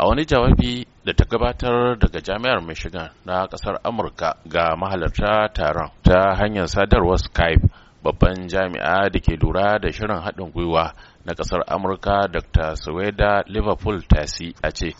a wani jawabi da ta gabatar daga jami'ar michigan na kasar amurka ga mahalarta taron ta hanyar sadarwar skype babban jami'a da ke lura da shirin haɗin gwiwa na kasar amurka dr suweda liverpool tasi a ce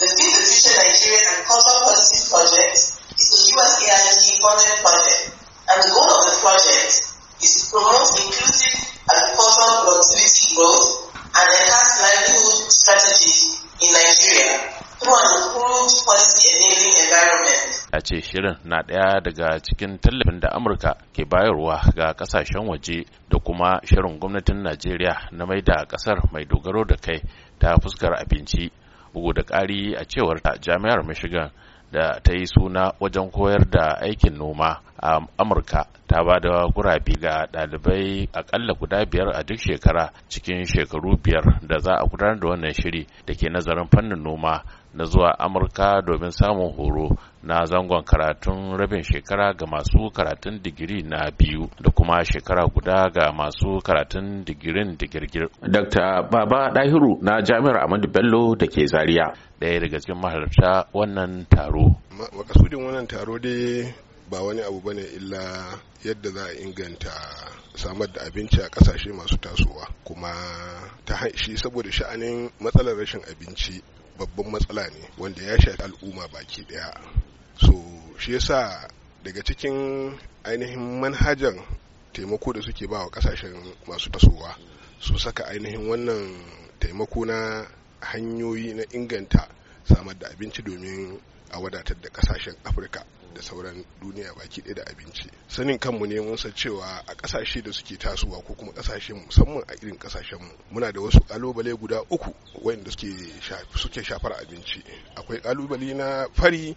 ta ce shirin na ɗaya daga cikin tallafin da amurka ke bayarwa ga kasashen waje da kuma shirin gwamnatin najeriya na mai da ƙasar mai dogaro da kai ta fuskar abinci bugu da ƙari a cewar ta jami'ar michigan da ta yi suna wajen koyar da aikin noma a amurka ta ba da gurabi ga ɗalibai akalla guda biyar a duk shekara cikin shekaru biyar da za a gudanar da wannan shiri da ke nazarin fannin noma na zuwa amurka domin samun horo na zangon karatun rabin shekara ga masu karatun digiri na biyu da kuma shekara guda ga masu karatun digirin digirgir. Dr. Baba Dahiru na Jami'ar Amadu Bello da ke Zariya, Ɗaya daga cikin mahalarta wannan taro. Makasudin wannan taro dai ba wani abu bane illa yadda za a inganta samar da abinci a kasashe masu tasowa kuma ta shi saboda sha'anin matsalar rashin abinci babban matsala ne wanda ya shafi al'umma baki daya so shi yasa daga cikin ainihin manhajan taimako da suke ba wa kasashen masu tasowa su saka ainihin wannan taimako na hanyoyi na inganta samar da abinci domin a wadatar da kasashen afirka da sauran duniya baki ɗaya da abinci sanin kanmu ne mun san cewa a ƙasashe da suke tasowa ko kuma ƙasashe musamman a irin ƙasashen mu muna da wasu ƙalubale guda uku wanda suke suke shafar abinci akwai ƙalubale na fari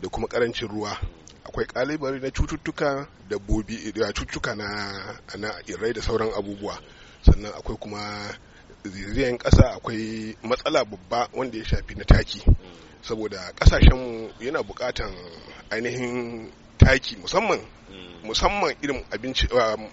da kuma ƙarancin ruwa akwai ƙalubale na cututtuka dabbobi cututtuka na irrai da sauran abubuwa sannan akwai kuma ziriyan ƙasa akwai matsala babba wanda ya shafi na taki saboda ƙasashenmu yana bukatan ainihin taki musamman mm. musamman irin abinci um,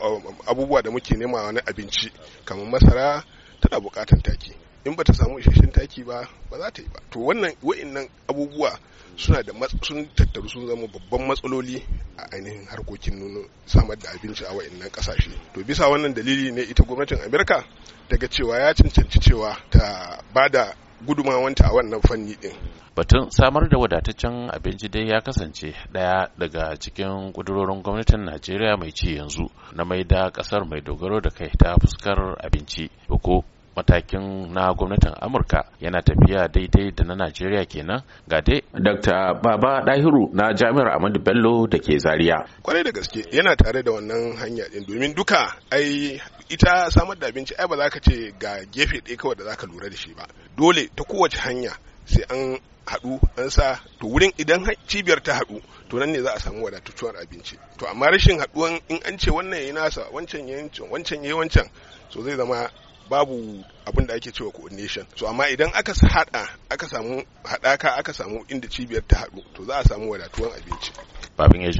um, abubuwa da muke nema wani abinci kamar masara tana buƙatan taki in ba ta samu isasshen taki ba ba za ta yi ba to wannan wa'annan abubuwa suna da sun tattaru sun zama babban matsaloli a ainihin harkokin nuna samar da abinci a wa'annan kasashe to bisa wannan dalili ne ita gwamnatin amerika daga cewa ya cancanci cewa ta bada gudumawanta a wannan fanni din. Batun samar da wadataccen abinci dai ya kasance daya daga cikin ƙudurorin gwamnatin Najeriya mai ci yanzu na mai da kasar mai dogaro da kai ta fuskar abinci. Ko matakin na gwamnatin amurka yana tafiya daidai da na najeriya kenan ga dai dr baba dahiru na jami'ar ahmadu bello da ke zaria kwarai da gaske yana tare da wannan hanya din domin duka ai ita samar da abinci ai ba za ka ce ga gefe ɗaya kawai da za ka lura da shi ba dole ta kowace hanya sai an haɗu an sa to wurin idan cibiyar ta haɗu to nan ne za a samu wadatacciyar abinci to amma rashin haɗuwan in an ce wannan yayi nasa wancan yayi wancan yayi wancan so zai zama babu abin da ake cewa coordination so amma idan aka haɗa aka samu haɗaka aka samu inda cibiyar ta haɗu to za a samu wadatuwar abinci babin ya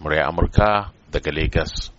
murai amurka daga lagos